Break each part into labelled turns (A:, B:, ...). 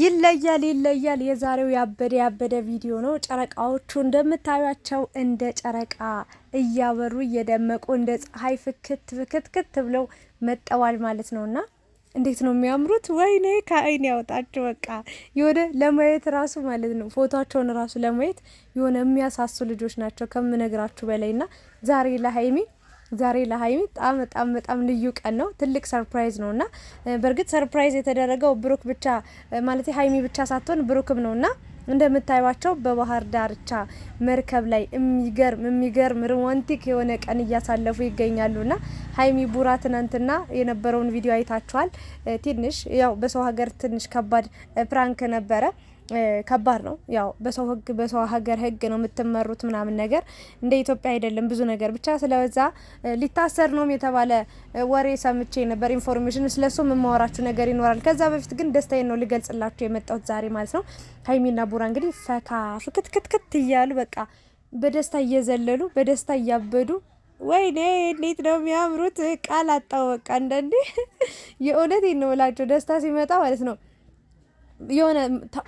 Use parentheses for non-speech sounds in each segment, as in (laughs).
A: ይለያል ይለያል። የዛሬው ያበደ ያበደ ቪዲዮ ነው። ጨረቃዎቹ እንደምታዩቸው እንደ ጨረቃ እያበሩ እየደመቁ እንደ ፀሐይ ፍክት ፍክትክት ብለው መጠዋል ማለት ነው እና እንዴት ነው የሚያምሩት! ወይኔ ከአይን ያወጣችሁ። በቃ የሆነ ለማየት ራሱ ማለት ነው ፎቶቸውን ራሱ ለማየት የሆነ የሚያሳሱ ልጆች ናቸው ከምነግራችሁ በላይ እና ዛሬ ለሀይሚ ዛሬ ለሀይሚ በጣም በጣም በጣም ልዩ ቀን ነው። ትልቅ ሰርፕራይዝ ነው እና በእርግጥ ሰርፕራይዝ የተደረገው ብሩክ ብቻ ማለት ሀይሚ ብቻ ሳትሆን ብሩክም ነው እና እንደምታዩቸው በባህር ዳርቻ መርከብ ላይ የሚገርም የሚገርም ሮማንቲክ የሆነ ቀን እያሳለፉ ይገኛሉና ሀይሚ ቡራ ትናንትና የነበረውን ቪዲዮ አይታችኋል። ትንሽ ያው በሰው ሀገር ትንሽ ከባድ ፕራንክ ነበረ። ከባድ ነው። ያው በሰው ህግ በሰው ሀገር ህግ ነው የምትመሩት ምናምን ነገር እንደ ኢትዮጵያ አይደለም። ብዙ ነገር ብቻ ስለበዛ ሊታሰር ነውም የተባለ ወሬ ሰምቼ ነበር። ኢንፎርሜሽን ስለሱ የምማወራችሁ ነገር ይኖራል። ከዛ በፊት ግን ደስታዬን ነው ልገልጽላችሁ የመጣሁት ዛሬ ማለት ነው። ሀይሚና ቡራ እንግዲህ ፈካ ፍክትክትክት እያሉ በቃ በደስታ እየዘለሉ በደስታ እያበዱ ወይኔ እንዴት ነው የሚያምሩት! ቃል አጣው። በቃ አንዳንዴ የእውነት ነው ደስታ ሲመጣ ማለት ነው የሆነ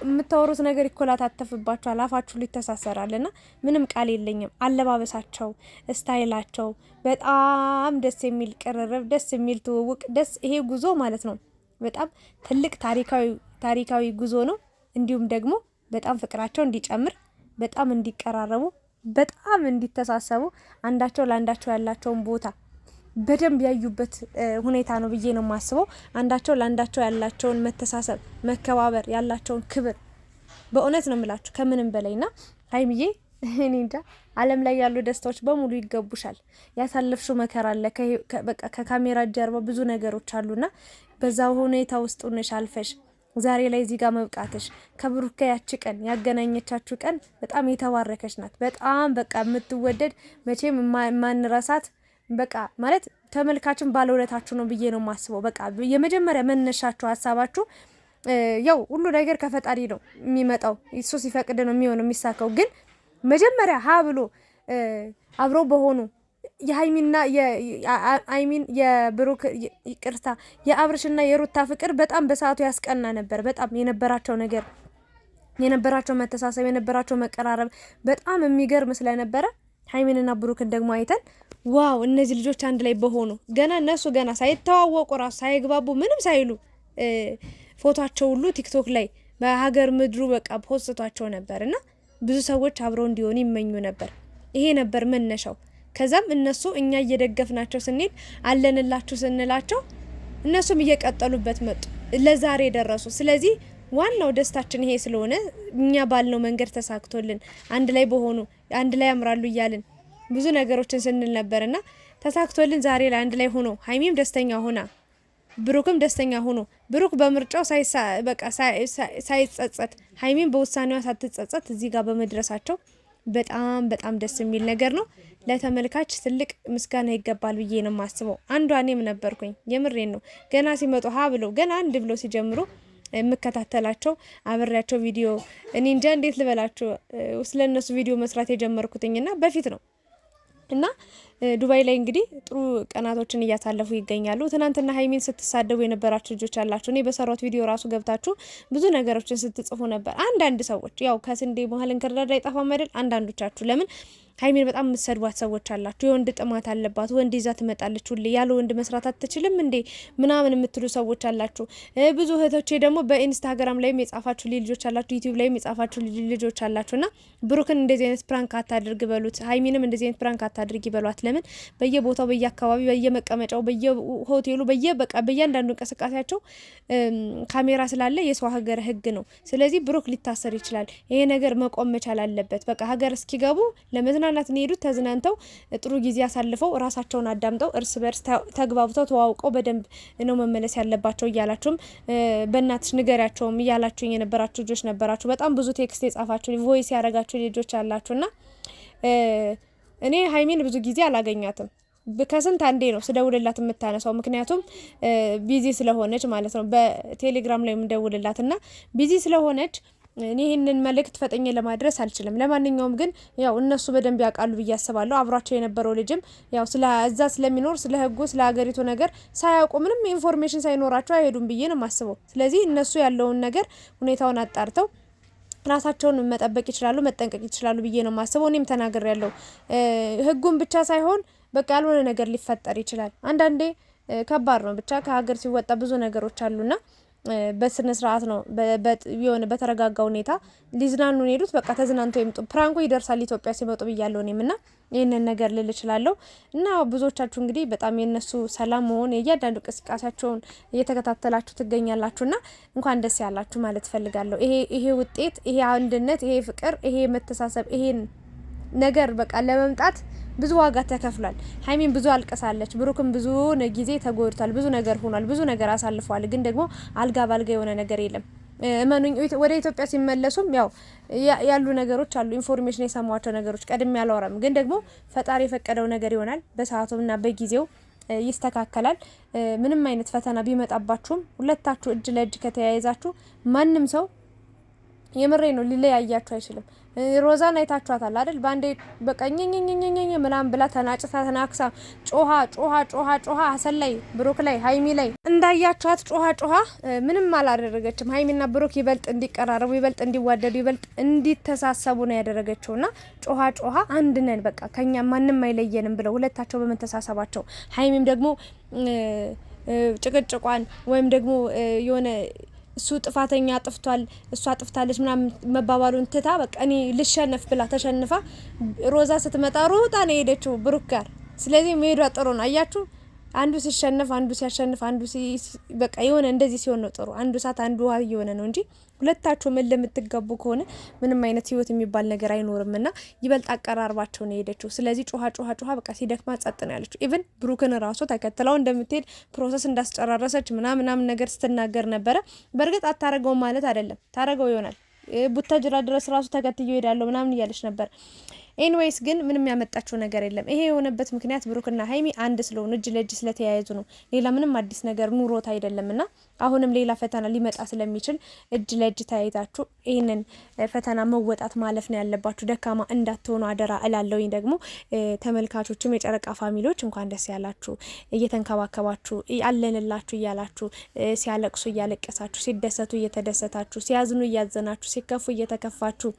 A: የምታወሩት ነገር ይኮላታተፍባችኋል፣ አፋችሁ ሊተሳሰራል እና ምንም ቃል የለኝም። አለባበሳቸው፣ ስታይላቸው በጣም ደስ የሚል ቅርርብ፣ ደስ የሚል ትውውቅ፣ ደስ ይሄ ጉዞ ማለት ነው በጣም ትልቅ ታሪካዊ ታሪካዊ ጉዞ ነው። እንዲሁም ደግሞ በጣም ፍቅራቸው እንዲጨምር፣ በጣም እንዲቀራረቡ፣ በጣም እንዲተሳሰቡ አንዳቸው ለአንዳቸው ያላቸውን ቦታ በደንብ ያዩበት ሁኔታ ነው ብዬ ነው የማስበው። አንዳቸው ለአንዳቸው ያላቸውን መተሳሰብ፣ መከባበር፣ ያላቸውን ክብር በእውነት ነው የምላችሁ ከምንም በላይ ና ሀይሚዬ (laughs) እኔ እንጃ ዓለም ላይ ያሉ ደስታዎች በሙሉ ይገቡሻል። ያሳለፍሽው መከራ አለ። በቃ ከካሜራ ጀርባ ብዙ ነገሮች አሉና በዛ ሁኔታ ውስጥ ነሽ አልፈሽ ዛሬ ላይ እዚህ ጋር መብቃትሽ ከብሩከ ጋር ያቺ ቀን ያገናኘቻችሁ ቀን በጣም የተባረከች ናት። በጣም በቃ የምትወደድ መቼም ማንረሳት በቃ ማለት ተመልካችን ባለውለታችሁ ነው ብዬ ነው የማስበው። በቃ የመጀመሪያ መነሻችሁ ሀሳባችሁ ያው ሁሉ ነገር ከፈጣሪ ነው የሚመጣው። እሱ ሲፈቅድ ነው የሚሆነው የሚሳካው። ግን መጀመሪያ ሀ ብሎ አብረው በሆኑ የሀይሚና አይሚን የብሩክ ይቅርታ፣ የአብርሽና የሩታ ፍቅር በጣም በሰዓቱ ያስቀና ነበር። በጣም የነበራቸው ነገር የነበራቸው መተሳሰብ የነበራቸው መቀራረብ በጣም የሚገርም ስለነበረ ሀይሚንና ብሩክን ደግሞ አይተን ዋው እነዚህ ልጆች አንድ ላይ በሆኑ ገና እነሱ ገና ሳይተዋወቁ ራሱ ሳይግባቡ ምንም ሳይሉ ፎቷቸው ሁሉ ቲክቶክ ላይ በሀገር ምድሩ በቃ ፖስቷቸው ነበር እና ብዙ ሰዎች አብረው እንዲሆኑ ይመኙ ነበር። ይሄ ነበር መነሻው። ከዛም እነሱ እኛ እየደገፍናቸው ስንሄድ አለንላችሁ ስንላቸው እነሱም እየቀጠሉበት መጡ፣ ለዛሬ ደረሱ። ስለዚህ ዋናው ደስታችን ይሄ ስለሆነ እኛ ባልነው መንገድ ተሳክቶልን አንድ ላይ በሆኑ አንድ ላይ ያምራሉ እያልን ብዙ ነገሮችን ስንል ነበርና ተሳክቶልን ዛሬ ላይ አንድ ላይ ሆኖ ሀይሚም ደስተኛ ሆና ብሩክም ደስተኛ ሆኖ ብሩክ በምርጫው በቃ ሳይጸጸት ሀይሚም በውሳኔዋ ሳትጸጸት እዚህ ጋር በመድረሳቸው በጣም በጣም ደስ የሚል ነገር ነው። ለተመልካች ትልቅ ምስጋና ይገባል ብዬ ነው የማስበው። አንዷ እኔም ነበርኩኝ። የምሬን ነው። ገና ሲመጡ ሀ ብለው ገና አንድ ብሎ ሲጀምሩ የምከታተላቸው አብሬያቸው ቪዲዮ እኔ እንጃ እንዴት ልበላቸው ስለ እነሱ ቪዲዮ መስራት የጀመርኩትኝና በፊት ነው እና ዱባይ ላይ እንግዲህ ጥሩ ቀናቶችን እያሳለፉ ይገኛሉ። ትናንትና ሀይሚን ስትሳደቡ የነበራችሁ ልጆች አላችሁ። እኔ በሰሯት ቪዲዮ ራሱ ገብታችሁ ብዙ ነገሮችን ስትጽፉ ነበር። አንዳንድ ሰዎች ያው ከስንዴ መሀል እንክርዳድ አይጠፋም አይደል? አንዳንዶቻችሁ ለምን ሀይሚን በጣም የምትሰድቧት ሰዎች አላችሁ። የወንድ ጥማት አለባት፣ ወንድ ይዛ ትመጣለች፣ ሁሌ ያለ ወንድ መስራት አትችልም እንዴ ምናምን የምትሉ ሰዎች አላችሁ። ብዙ እህቶቼ ደግሞ በኢንስታግራም ላይም የጻፋችሁ ልጆች አላችሁ፣ ዩቲዩብ ላይም የጻፋችሁ ልጆች አላችሁ። እና ብሩክን እንደዚህ አይነት ፕራንክ አታድርግ በሉት፣ ሀይሚንም እንደዚህ አይነት ፕራንክ አታድርግ ይበሏት ለምን በየቦታው በየአካባቢ በየመቀመጫው በየሆቴሉ በየበቃ በእያንዳንዱ እንቅስቃሴያቸው ካሜራ ስላለ የሰው ሀገር ህግ ነው። ስለዚህ ብሩክ ሊታሰር ይችላል። ይሄ ነገር መቆም መቻል አለበት። በቃ ሀገር እስኪገቡ ለመዝናናት ሄዱት ተዝናንተው ጥሩ ጊዜ አሳልፈው ራሳቸውን አዳምጠው እርስ በርስ ተግባብተው ተዋውቀው በደንብ ነው መመለስ ያለባቸው እያላችሁም በእናትሽ ንገሪያቸውም እያላችሁ የነበራችሁ ልጆች ነበራችሁ። በጣም ብዙ ቴክስት የጻፋችሁ ቮይስ ያደረጋችሁ ልጆች አላችሁና እኔ ሀይሚን ብዙ ጊዜ አላገኛትም። ከስንት አንዴ ነው ስደውልላት የምታነሳው፣ ምክንያቱም ቢዚ ስለሆነች ማለት ነው። በቴሌግራም ላይ የምደውልላት እና ቢዚ ስለሆነች እኔ ይህንን መልእክት ፈጠኜ ለማድረስ አልችልም። ለማንኛውም ግን ያው እነሱ በደንብ ያውቃሉ ብዬ አስባለሁ። አብሯቸው የነበረው ልጅም ያው ስለዛ ስለሚኖር ስለ ህጉ፣ ስለ ሀገሪቱ ነገር ሳያውቁ ምንም ኢንፎርሜሽን ሳይኖራቸው አይሄዱም ብዬ ነው የማስበው። ስለዚህ እነሱ ያለውን ነገር ሁኔታውን አጣርተው ራሳቸውን መጠበቅ ይችላሉ፣ መጠንቀቅ ይችላሉ ብዬ ነው ማስበው። እኔም ተናገር ያለው ህጉን ብቻ ሳይሆን በቃ ያልሆነ ነገር ሊፈጠር ይችላል። አንዳንዴ ከባድ ነው ብቻ ከሀገር ሲወጣ ብዙ ነገሮች አሉና በስነ ስርዓት ነው የሆነ በተረጋጋ ሁኔታ ሊዝናኑ ሄዱት። በቃ ተዝናንቶ ይምጡ። ፕራንኮ ይደርሳል ኢትዮጵያ ሲመጡ ብያለሁ እኔም እና ይህንን ነገር ልል እችላለሁ። እና ብዙዎቻችሁ እንግዲህ በጣም የነሱ ሰላም መሆን እያንዳንዱ እንቅስቃሴያቸውን እየተከታተላችሁ ትገኛላችሁ። እና እንኳን ደስ ያላችሁ ማለት ፈልጋለሁ። ይሄ ውጤት፣ ይሄ አንድነት፣ ይሄ ፍቅር፣ ይሄ መተሳሰብ፣ ይሄን ነገር በቃ ለመምጣት ብዙ ዋጋ ተከፍሏል። ሀይሚን ብዙ አልቀሳለች። ብሩክም ብዙ ጊዜ ተጎድቷል። ብዙ ነገር ሆኗል። ብዙ ነገር አሳልፈዋል። ግን ደግሞ አልጋ ባልጋ የሆነ ነገር የለም። እመኑኝ ወደ ኢትዮጵያ ሲመለሱም ያው ያሉ ነገሮች አሉ። ኢንፎርሜሽን የሰማቸው ነገሮች ቀድሜ አላወራም፣ ግን ደግሞ ፈጣሪ የፈቀደው ነገር ይሆናል። ና በጊዜው ይስተካከላል። ምንም አይነት ፈተና ቢመጣባችሁም ሁለታችሁ እጅ ለእጅ ከተያይዛችሁ ማንም ሰው የምሬ ነው ሊለያያችሁ አይችልም። ሮዛን አይታችኋታል አይደል? ባንዴ በቀኝኝኝኝኝ ምናምን ብላ ተናጭታ ተናክሳ ጮሃ ጮሃ ጮሃ ጮሃ አሰል ላይ ብሩክ ላይ ሀይሚ ላይ እንዳያችኋት ጮሃ ጮሃ ምንም አላደረገችም። ሀይሚና ብሩክ ይበልጥ እንዲቀራረቡ ይበልጥ እንዲዋደዱ ይበልጥ እንዲተሳሰቡ ነው ያደረገችውና ጮሃ ጮሃ አንድ ነን በቃ ከኛ ማንም አይለየንም ብለው ሁለታቸው በመተሳሰባቸው ሀይሚም ደግሞ ጭቅጭቋን ወይም ደግሞ የሆነ እሱ ጥፋተኛ አጥፍቷል፣ እሷ አጥፍታለች ምናምን መባባሉን ትታ በቃ እኔ ልሸነፍ ብላ ተሸንፋ ሮዛ ስትመጣ ሮጣ ነው የሄደችው ብሩክ ጋር። ስለዚህ መሄዷ ጥሩ ነው። አያችሁ። አንዱ ሲሸነፍ አንዱ ሲያሸንፍ አንዱ በቃ የሆነ እንደዚህ ሲሆን ነው ጥሩ። አንዱ እሳት አንዱ ውሃ እየሆነ ነው እንጂ ሁለታቸው ምን ለምትጋቡ ከሆነ ምንም አይነት ህይወት የሚባል ነገር አይኖርም። እና ይበልጥ አቀራርባቸው ነው የሄደችው። ስለዚህ ጮኋ ጮኋ ጮኋ በቃ ሲደክማ ጸጥ ነው ያለችው። ኢቭን ብሩክን ራሱ ተከትለው እንደምትሄድ ፕሮሰስ እንዳስጨራረሰች ምናምናም ነገር ስትናገር ነበረ። በእርግጥ አታረገው ማለት አይደለም፣ ታረገው ይሆናል። ቡታጅራ ድረስ ራሱ ተከትየው ይሄዳለሁ ምናምን እያለች ነበር ኤንዌይስ ግን ምንም ያመጣችው ነገር የለም። ይሄ የሆነበት ምክንያት ብሩክና ሀይሚ አንድ ስለሆኑ እጅ ለእጅ ስለተያያዙ ነው። ሌላ ምንም አዲስ ነገር ኑሮት ና አሁንም ሌላ ፈተና ሊመጣ ስለሚችል እጅ ለእጅ ተያይዛችሁ ይህንን ፈተና መወጣት ማለፍ ነው ያለባችሁ። ደካማ እንዳትሆኑ አደራ እላለሁኝ። ደግሞ ተመልካቾችም የጨረቃ ፋሚሊዎች እንኳን ደስ ያላችሁ፣ እየተንከባከባችሁ አለንላችሁ እያላችሁ ሲያለቅሱ እያለቀሳችሁ፣ ሲደሰቱ እየተደሰታችሁ፣ ሲያዝኑ እያዘናችሁ፣ ሲከፉ እየተከፋችሁ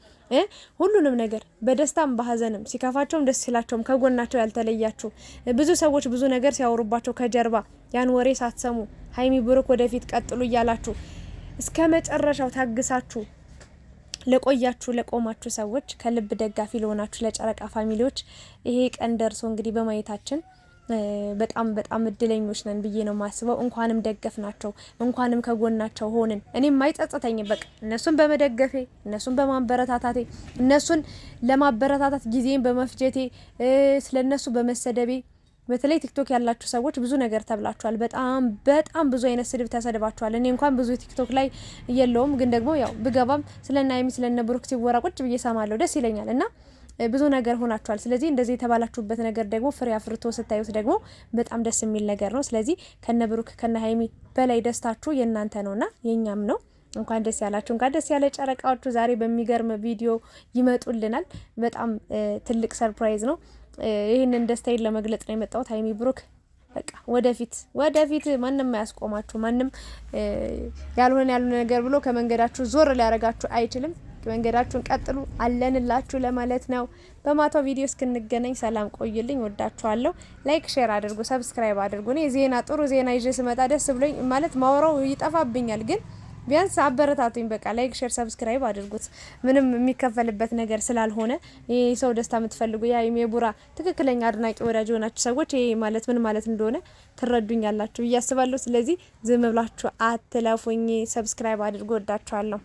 A: ሁሉንም ነገር በደስታም በሀዘንም ሲከፋቸውም ደስ ሲላቸውም ከጎናቸው ያልተለያችሁ ብዙ ሰዎች ብዙ ነገር ሲያወሩባቸው ከጀርባ ያን ወሬ ሳትሰሙ ሀይሚ ብሩክ ወደፊት ቀጥሉ እያላችሁ እስከ መጨረሻው ታግሳችሁ ለቆያችሁ ለቆማችሁ ሰዎች ከልብ ደጋፊ ለሆናችሁ ለጨረቃ ፋሚሊዎች ይሄ ቀን ደርሶ እንግዲህ በማየታችን በጣም በጣም እድለኞች ነን ብዬ ነው ማስበው። እንኳንም ደገፍ ናቸው፣ እንኳንም ከጎናቸው ሆንን። እኔም አይጸጽተኝም። በቃ እነሱን በመደገፌ እነሱን በማበረታታቴ እነሱን ለማበረታታት ጊዜን በመፍጀቴ ስለነሱ በመሰደቤ በተለይ ቲክቶክ ያላችሁ ሰዎች ብዙ ነገር ተብላችኋል። በጣም በጣም ብዙ አይነት ስድብ ተሰድባችኋል። እኔ እንኳን ብዙ ቲክቶክ ላይ የለውም፣ ግን ደግሞ ያው ብገባም ስለና ስለነብሩክ ስለነ ብሩክ ሲወራ ቁጭ ብዬ ሰማለሁ፣ ደስ ይለኛል እና ብዙ ነገር ሆናችኋል። ስለዚህ እንደዚህ የተባላችሁበት ነገር ደግሞ ፍሬ አፍርቶ ስታዩት ደግሞ በጣም ደስ የሚል ነገር ነው። ስለዚህ ከነ ብሩክ ከነ ሀይሚ በላይ ደስታችሁ የእናንተ ነውና የእኛም ነው። እንኳን ደስ ያላችሁ፣ እንኳን ደስ ያለ ጨረቃዎቹ። ዛሬ በሚገርም ቪዲዮ ይመጡልናል። በጣም ትልቅ ሰርፕራይዝ ነው። ይህንን ደስታዬን ለመግለጽ ነው የመጣሁት። ሀይሚ ብሩክ በቃ ወደፊት ወደፊት ማንም አያስቆማችሁ። ማንም ያልሆነ ያልሆነ ነገር ብሎ ከመንገዳችሁ ዞር ሊያደርጋችሁ አይችልም። መንገዳችሁን ቀጥሉ፣ አለንላችሁ ለማለት ነው። በማታው ቪዲዮ እስክንገናኝ ሰላም ቆይልኝ። ወዳችኋለሁ። ላይክ፣ ሼር አድርጉ፣ ሰብስክራይብ አድርጉ። እኔ ዜና ጥሩ ዜና ይዤ ስመጣ ደስ ብሎኝ ማለት ማውራው ይጠፋብኛል ግን ቢያንስ አበረታቱኝ። በቃ ላይክ፣ ሼር፣ ሰብስክራይብ አድርጉት። ምንም የሚከፈልበት ነገር ስላልሆነ ይህ ሰው ደስታ የምትፈልጉ ያ የቡራ ትክክለኛ አድናቂ ወዳጅ የሆናችሁ ሰዎች ይሄ ማለት ምን ማለት እንደሆነ ትረዱኛላችሁ ብዬ አስባለሁ። ስለዚህ ዝም ብላችሁ አትለፉኝ፣ ሰብስክራይብ አድርጎ ወዳችኋለሁ።